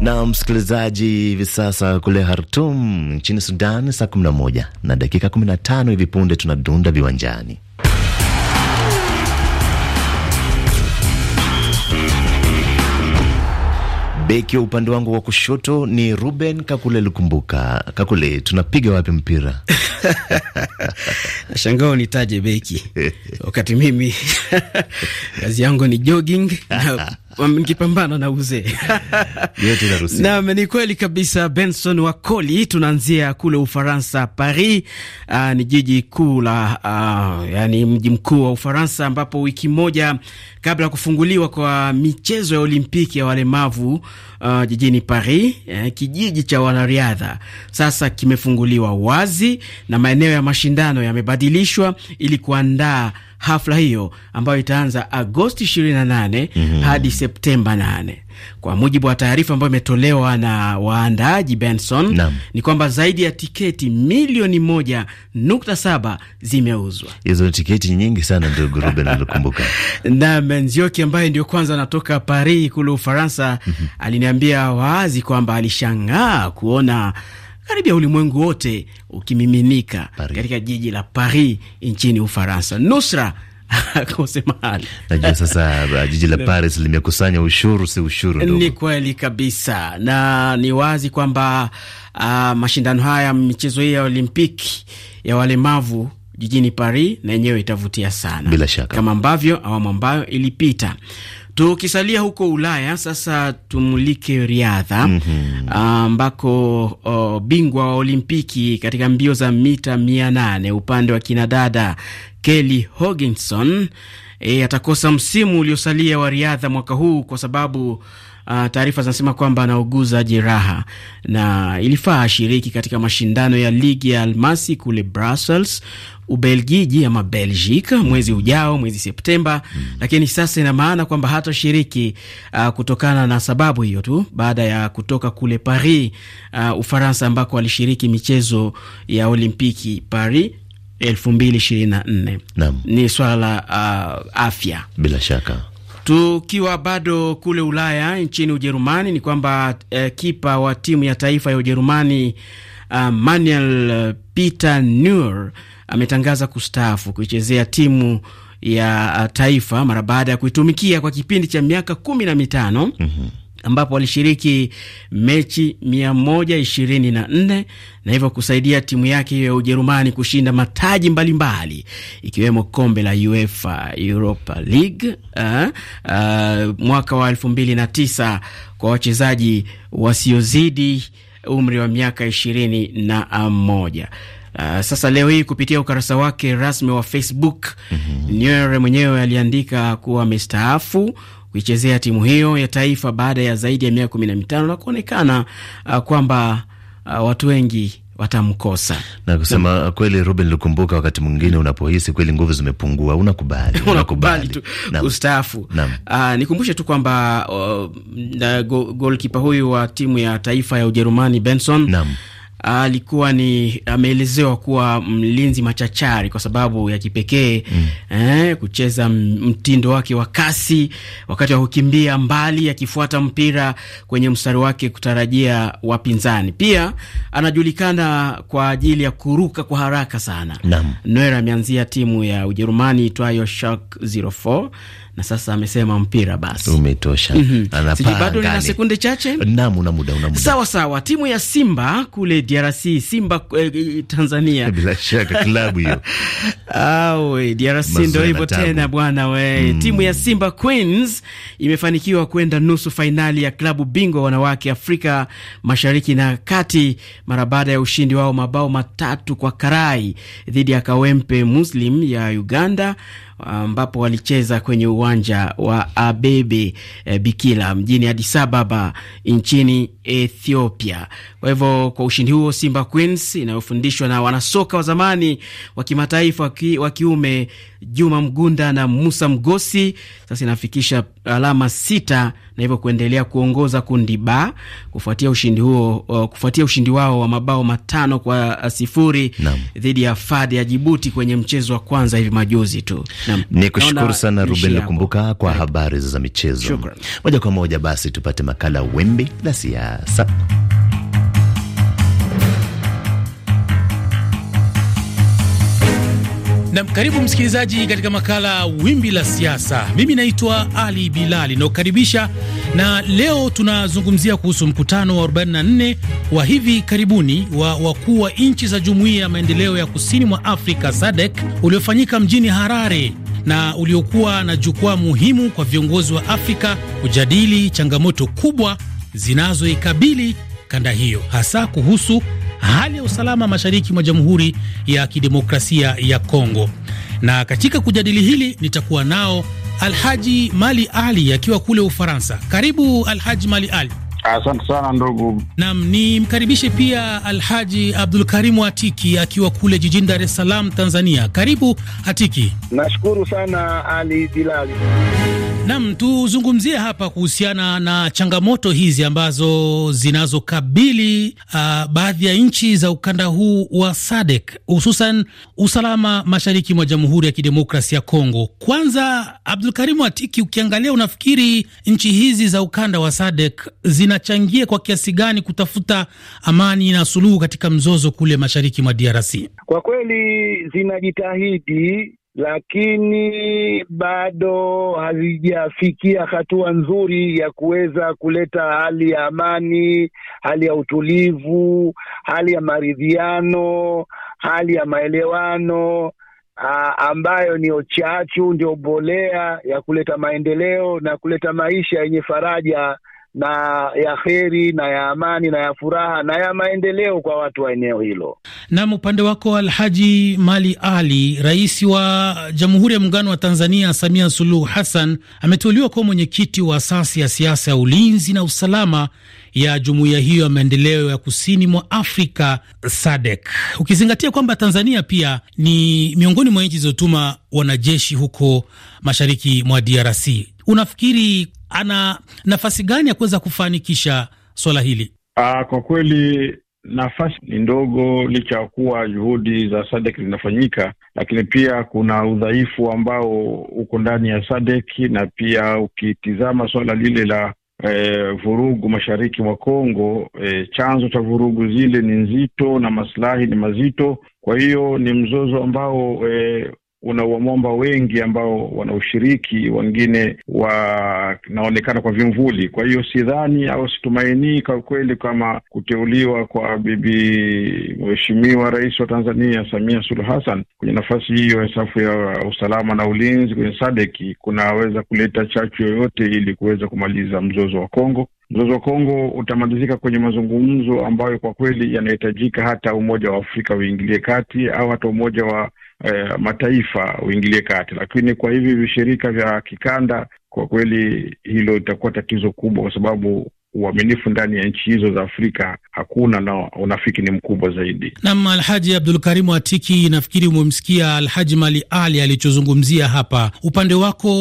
na msikilizaji, hivi sasa kule Hartum nchini Sudan saa 11 na dakika 15 hivi punde tunadunda viwanjani. Beki wa upande wangu wa kushoto ni Ruben Kakule Lukumbuka. Kakule, tunapiga wapi mpira? Nashangaa unitaje beki wakati mimi kazi yangu ni jogging na nikipambana na uzee Ni kweli kabisa, Benson Wakoli. Tunaanzia kule Ufaransa, Paris. Uh, ni jiji kuu la uh, yani mji mkuu wa Ufaransa, ambapo wiki moja kabla ya kufunguliwa kwa michezo ya Olimpiki ya walemavu uh, jijini Paris eh, kijiji cha wanariadha sasa kimefunguliwa wazi na maeneo ya mashindano yamebadilishwa ili kuandaa hafla hiyo ambayo itaanza Agosti 28 mm -hmm. hadi Septemba 8. Kwa mujibu wa taarifa ambayo imetolewa na waandaaji Benson na, ni kwamba zaidi ya tiketi milioni moja nukta saba zimeuzwa. Hizo ni tiketi nyingi sana, ndugu Ruben alikumbuka. Na Menzioki ambaye ndio kwanza anatoka Paris kule Ufaransa mhm. aliniambia wazi kwamba alishangaa kuona karibia ulimwengu wote ukimiminika katika jiji la Paris nchini Ufaransa. Nusra Najua sasa uh, jiji la Paris limekusanya ushuru, si ushuru dogo. Ni kweli kabisa, na ni wazi kwamba uh, mashindano haya, michezo hii ya Olimpiki ya walemavu jijini Paris na yenyewe itavutia sana, bila shaka kama ambavyo awamu ambayo ilipita. Tukisalia huko Ulaya sasa, tumulike riadha mhm. ambako mm -hmm. uh, bingwa wa Olimpiki katika mbio za mita mia nane upande wa kinadada Kelly Hogginson e, atakosa msimu uliosalia wa riadha mwaka huu kwa sababu uh, taarifa zinasema kwamba anauguza jeraha na ilifaa ashiriki katika mashindano ya ligi ya almasi kule Brussels Ubelgiji ama Belgique mwezi ujao, mwezi Septemba mm. Lakini sasa ina maana kwamba hatashiriki uh, ah, kutokana na sababu hiyo tu, baada ya kutoka kule Paris uh, Ufaransa, ambako alishiriki michezo ya Olimpiki Paris 2024. Ni swala la uh, afya bila shaka Tukiwa bado kule Ulaya, nchini Ujerumani ni kwamba eh, kipa wa timu ya taifa ya Ujerumani uh, Manuel eh, Peter Neuer ametangaza kustaafu kuichezea timu ya eh, taifa mara baada ya kuitumikia kwa kipindi cha miaka kumi na mitano. mm -hmm ambapo alishiriki mechi 124 na hivyo kusaidia timu yake hiyo ya Ujerumani kushinda mataji mbalimbali ikiwemo kombe la UEFA Europa League uh, uh, mwaka wa 2009 kwa wachezaji wasiozidi umri wa miaka 21. Uh, eh, sasa leo hii kupitia ukurasa wake rasmi wa Facebook mm -hmm. Nyere mwenyewe aliandika kuwa amestaafu kuichezea timu hiyo ya taifa baada ya zaidi ya miaka kumi na mitano na kuonekana uh, kwamba uh, watu wengi watamkosa na kusema na, kweli Ruben Lukumbuka, wakati mwingine unapohisi kweli nguvu zimepungua unakubali, unakubali tu ustaafu. Ah, nikumbushe tu kwamba uh, oh, golkipa huyu wa timu ya taifa ya Ujerumani Benson Nam. Ah, alikuwa ni ameelezewa kuwa mlinzi machachari kwa sababu ya kipekee mm. eh, kucheza mtindo wake wa kasi wakati wa kukimbia mbali akifuata mpira kwenye mstari wake kutarajia wapinzani. Pia anajulikana kwa ajili ya kuruka kwa haraka sana. Neuer ameanzia timu ya Ujerumani itwayo Schalke 04 na sasa amesema mpira basi umetosha. mm -hmm. bado nina sekunde chache. Naam, una muda, una muda. Sawa sawa, timu ya Simba kule DRC, Simba eh, Tanzania bila shaka klabu hiyo awe DRC ndio hivyo tena bwana we mm. Timu ya Simba Queens imefanikiwa kwenda nusu fainali ya klabu bingwa wanawake Afrika Mashariki na Kati mara baada ya ushindi wao mabao matatu kwa karai dhidi ya Kawempe Muslim ya Uganda ambapo walicheza kwenye uwanja wa Abebe e, Bikila mjini Addis Ababa nchini Ethiopia. Kwa hivyo kwa ushindi huo Simba Queens inayofundishwa na wanasoka wa zamani wa kimataifa waki, wa kiume Juma Mgunda na Musa Mgosi sasa inafikisha alama sita na hivyo kuendelea kuongoza kundi ba kufuatia ushindi huo, kufuatia ushindi wao wa mabao matano kwa sifuri dhidi ya Fadi ya Jibuti kwenye mchezo wa kwanza hivi majuzi tu. Ni kushukuru sana Ruben Lukumbuka kwa habari za michezo Moja kwa moja basi tupate makala wimbi la siasa. Na karibu msikilizaji katika makala wimbi la siasa. Mimi naitwa Ali Bilali nakukaribisha no na leo tunazungumzia kuhusu mkutano wa 44 wa hivi karibuni wa wakuu wa nchi za Jumuiya ya Maendeleo ya Kusini mwa Afrika SADC uliofanyika mjini Harare na uliokuwa na jukwaa muhimu kwa viongozi wa Afrika kujadili changamoto kubwa zinazoikabili kanda hiyo hasa kuhusu hali ya usalama mashariki mwa Jamhuri ya Kidemokrasia ya Kongo. Na katika kujadili hili nitakuwa nao Alhaji Mali Ali akiwa kule Ufaransa. Karibu Alhaji Mali Ali. Asante sana ndugu. Naam, nimkaribishe pia Alhaji Abdul Karimu Atiki akiwa kule jijini Dar es Salaam, Tanzania. Karibu Atiki. Nashukuru sana Ali Bilali. Nam, tuzungumzie hapa kuhusiana na changamoto hizi ambazo zinazokabili uh, baadhi ya nchi za ukanda huu wa SADC hususan usalama mashariki mwa Jamhuri ya Kidemokrasia ya Kongo. Kwanza, Abdul Karimu Atiki, ukiangalia unafikiri nchi hizi za ukanda wa SADC zinachangia kwa kiasi gani kutafuta amani na suluhu katika mzozo kule mashariki mwa DRC? Kwa kweli zinajitahidi lakini bado hazijafikia hatua nzuri ya kuweza kuleta hali ya amani, hali ya utulivu, hali ya maridhiano, hali ya maelewano a, ambayo ni chachu ndio bolea ya kuleta maendeleo na kuleta maisha yenye faraja na ya heri na ya amani na ya furaha na ya maendeleo kwa watu wa eneo hilo. Nam, upande wako Alhaji Mali Ali, rais wa Jamhuri ya Muungano wa Tanzania Samia Suluhu Hassan ameteuliwa kuwa mwenyekiti wa asasi ya siasa ya ulinzi na usalama ya jumuiya hiyo ya maendeleo ya kusini mwa Afrika SADC, ukizingatia kwamba Tanzania pia ni miongoni mwa nchi zilizotuma wanajeshi huko mashariki mwa DRC. Unafikiri ana nafasi gani ya kuweza kufanikisha swala hili? Aa, ah, kwa kweli nafasi ni ndogo, licha ya kuwa juhudi za SADC zinafanyika, lakini pia kuna udhaifu ambao uko ndani ya SADC, na pia ukitizama swala lile la E, vurugu mashariki mwa Kongo, e, chanzo cha vurugu zile ni nzito na maslahi ni mazito. Kwa hiyo ni mzozo ambao e, wamwamba wengi ambao wana ushiriki wengine wanaonekana kwa vimvuli. Kwa hiyo sidhani au situmainii kwa kweli kama kuteuliwa kwa bibi mheshimiwa rais wa Tanzania Samia Suluhu Hassan kwenye nafasi hiyo ya safu ya usalama na ulinzi kwenye sadeki kunaweza kuleta chachu yoyote ili kuweza kumaliza mzozo wa Kongo. Mzozo wa Kongo utamalizika kwenye mazungumzo ambayo kwa kweli yanahitajika, hata Umoja wa Afrika uingilie kati au hata Umoja wa eh, mataifa uingilie kati, lakini kwa hivi vishirika vya kikanda, kwa kweli hilo litakuwa tatizo kubwa, kwa sababu uaminifu ndani ya nchi hizo za Afrika hakuna na unafiki ni mkubwa zaidi. Nam Alhaji karimu Atiki, nafikiri umemsikia Alhaji Mali Ali alichozungumzia hapa. Upande wako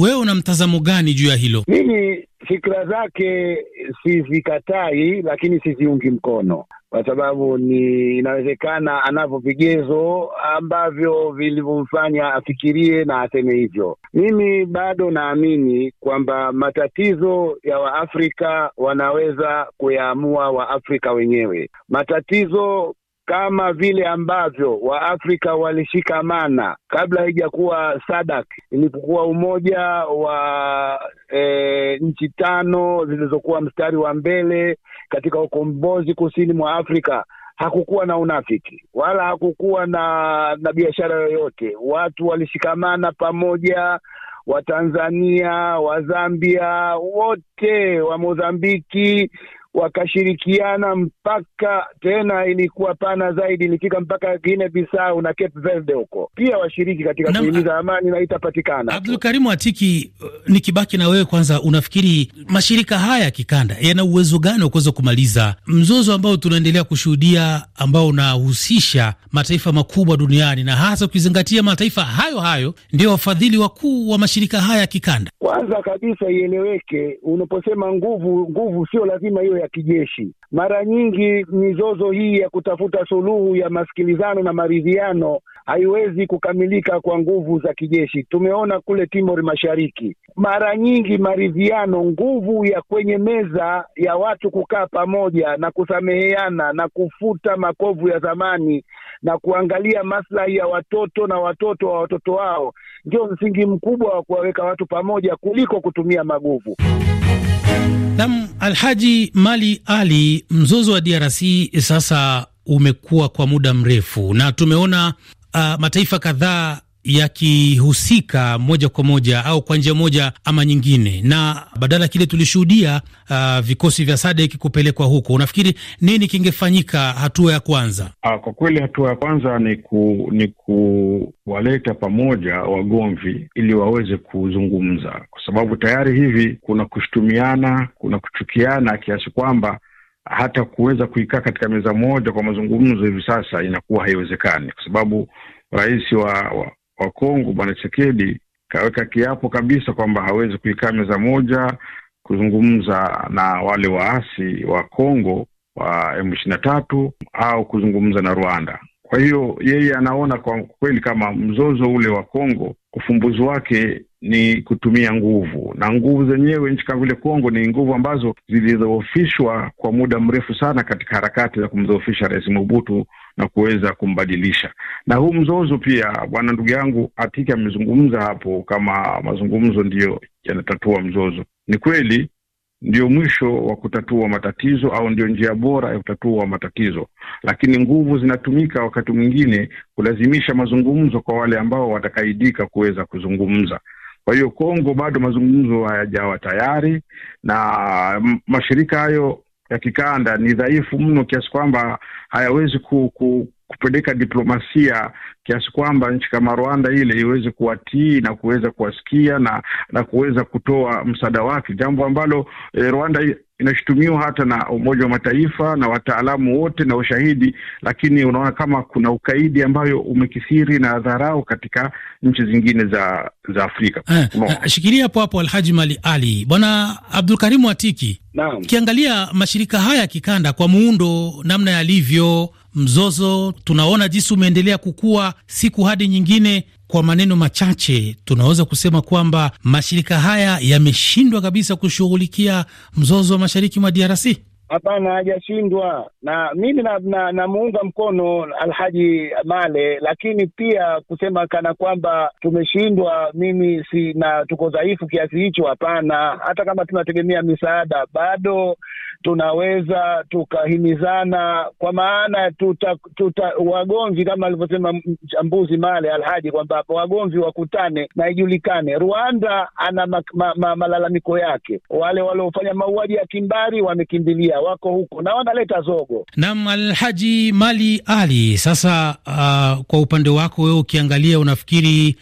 wewe, una mtazamo gani juu ya hilo? Mimi fikra zake sizikatai, lakini siziungi mkono kwa sababu ni inawezekana anavyo vigezo ambavyo vilivyomfanya afikirie na aseme hivyo. Mimi bado naamini kwamba matatizo ya Waafrika wanaweza kuyaamua Waafrika wenyewe. Matatizo kama vile ambavyo Waafrika walishikamana kabla haijakuwa SADC, ilipokuwa umoja wa e, nchi tano zilizokuwa mstari wa mbele katika ukombozi kusini mwa Afrika. Hakukuwa na unafiki wala hakukuwa na, na biashara yoyote. Watu walishikamana pamoja, Watanzania, Wazambia wote, wa Mozambiki wakashirikiana mpaka tena ilikuwa pana zaidi, ilifika mpaka Guinea Bissau na Cape Verde huko, pia washiriki katika kuhimiza amani na itapatikana. Abdul Karimu Atiki, uh, nikibaki na wewe kwanza, unafikiri mashirika haya ya kikanda yana uwezo gani wa kuweza kumaliza mzozo ambao tunaendelea kushuhudia ambao unahusisha mataifa makubwa duniani na hasa ukizingatia mataifa hayo hayo ndio wafadhili wakuu wa mashirika haya ya kikanda? Kwanza kabisa ieleweke, unaposema nguvu, nguvu sio lazima hiyo ya kijeshi. Mara nyingi mizozo hii ya kutafuta suluhu ya masikilizano na maridhiano haiwezi kukamilika kwa nguvu za kijeshi. Tumeona kule Timor Mashariki, mara nyingi maridhiano, nguvu ya kwenye meza ya watu kukaa pamoja na kusameheana na kufuta makovu ya zamani na kuangalia maslahi ya watoto na watoto wa watoto wao, ndio msingi mkubwa wa kuwaweka watu pamoja kuliko kutumia maguvu. Nam Alhaji Mali Ali, mzozo wa DRC eh, sasa umekuwa kwa muda mrefu na tumeona uh, mataifa kadhaa yakihusika moja kwa moja au kwa njia moja ama nyingine, na badala kile tulishuhudia uh, vikosi vya SADC kupelekwa huko, unafikiri nini kingefanyika? Hatua ya kwanza uh, kwa kweli hatua ya kwanza ni ku, ni kuwaleta pamoja wagomvi ili waweze kuzungumza, kwa sababu tayari hivi kuna kushutumiana, kuna kuchukiana kiasi kwamba hata kuweza kuikaa katika meza moja kwa mazungumzo hivi sasa inakuwa haiwezekani, kwa sababu rais wa, wa Kongo, Bwana Chekedi kaweka kiapo kabisa kwamba hawezi kuikaa meza moja kuzungumza na wale waasi wa Kongo wa M ishirini na tatu au kuzungumza na Rwanda. Kwa hiyo yeye anaona kwa kweli kama mzozo ule wa Kongo ufumbuzi wake ni kutumia nguvu, na nguvu zenyewe nchi kama vile Kongo ni nguvu ambazo zilidhoofishwa kwa muda mrefu sana katika harakati za kumdhoofisha Rais Mobutu na kuweza kumbadilisha. Na huu mzozo pia, bwana ndugu yangu Atiki amezungumza hapo, kama mazungumzo ndiyo yanatatua mzozo. Ni kweli ndio mwisho wa kutatua matatizo au ndio njia bora ya kutatua matatizo, lakini nguvu zinatumika wakati mwingine kulazimisha mazungumzo kwa wale ambao watakaidika kuweza kuzungumza. Kwa hiyo Kongo bado mazungumzo hayajawa tayari, na mashirika hayo ya kikanda ni dhaifu mno kiasi kwamba hayawezi ku, ku, kupeleka diplomasia kiasi kwamba nchi kama Rwanda ile iweze kuwatii na kuweza kuwasikia na na kuweza kutoa msaada wake, jambo ambalo e, Rwanda inashutumiwa hata na Umoja wa Mataifa na wataalamu wote na ushahidi, lakini unaona kama kuna ukaidi ambayo umekithiri na dharau katika nchi zingine za, za Afrika. Ha, eh, eh, shikilia hapo hapo Alhaji Mali Ali. Bwana Karimu Atiki, naam, ukiangalia mashirika haya ya kikanda kwa muundo namna yalivyo mzozo tunaona jinsi umeendelea kukua siku hadi nyingine. Kwa maneno machache, tunaweza kusema kwamba mashirika haya yameshindwa kabisa kushughulikia mzozo wa mashariki mwa DRC. Hapana, hajashindwa na mimi na, na, namuunga mkono Alhaji Male, lakini pia kusema kana kwamba tumeshindwa, mimi si na tuko dhaifu kiasi hicho, hapana. Hata kama tunategemea misaada, bado tunaweza tukahimizana, kwa maana tuta, tuta wagomvi kama alivyosema mchambuzi Male Alhaji kwamba wagomvi wakutane na ijulikane. Rwanda ana ma, ma, ma, malalamiko yake, wale waliofanya mauaji ya kimbari wamekimbilia familia wako huko na wanaleta zogo. Naam, Alhaji Mali Ali, sasa uh, kwa upande wako wewe ukiangalia, unafikiri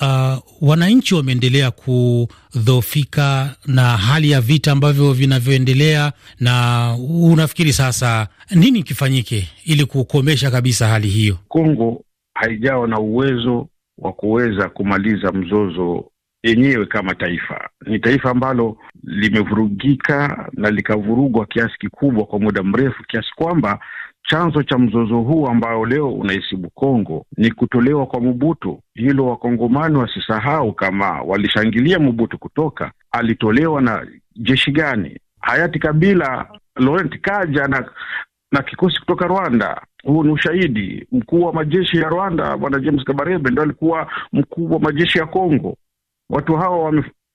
uh, wananchi wameendelea kudhofika na hali ya vita ambavyo vinavyoendelea, na unafikiri sasa nini kifanyike ili kukomesha kabisa hali hiyo? Kongo haijawa na uwezo wa kuweza kumaliza mzozo yenyewe kama taifa. Ni taifa ambalo limevurugika na likavurugwa kiasi kikubwa kwa muda mrefu, kiasi kwamba chanzo cha mzozo huu ambao leo unaisibu Kongo ni kutolewa kwa Mubutu. Hilo wakongomani wasisahau. Kama walishangilia Mubutu kutoka, alitolewa na jeshi gani? Hayati Kabila, Laurent Kaja na na kikosi kutoka Rwanda. Huu ni ushahidi. Mkuu wa majeshi ya Rwanda Bwana James Kabarebe ndo alikuwa mkuu wa majeshi ya Kongo. Watu hawa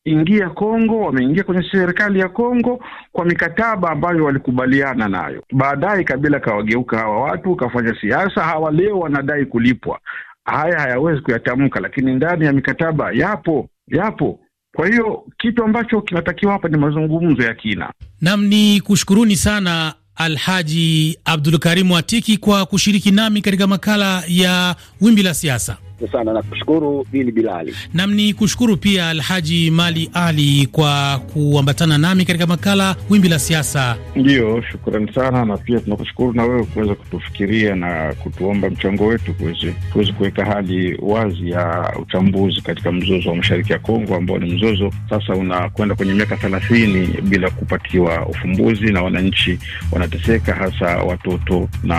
wameingia Kongo, wameingia kwenye serikali ya Kongo kwa mikataba ambayo walikubaliana nayo. Baadaye Kabila kawageuka hawa watu, kafanya siasa. Hawa leo wanadai kulipwa. Haya hayawezi kuyatamka, lakini ndani ya mikataba yapo, yapo. Kwa hiyo kitu ambacho kinatakiwa hapa ni mazungumzo ya kina. Nam ni kushukuruni sana Alhaji Abdulkarimu Atiki kwa kushiriki nami katika makala ya Wimbi la Siasa sana nakushukuru Bili Bilali nam ni kushukuru pia Alhaji Mali Ali kwa kuambatana nami katika makala Wimbi la Siasa. Ndiyo, shukrani sana, na pia tunakushukuru na wewe kuweza kutufikiria na kutuomba mchango wetu kuweze kuweka hali wazi ya uchambuzi katika mzozo wa mashariki ya Kongo ambao ni mzozo sasa unakwenda kwenye miaka thelathini bila kupatiwa ufumbuzi, na wananchi wanateseka, hasa watoto na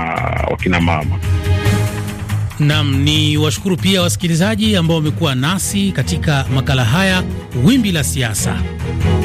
wakinamama. Nam ni washukuru pia wasikilizaji ambao wamekuwa nasi katika makala haya wimbi la siasa.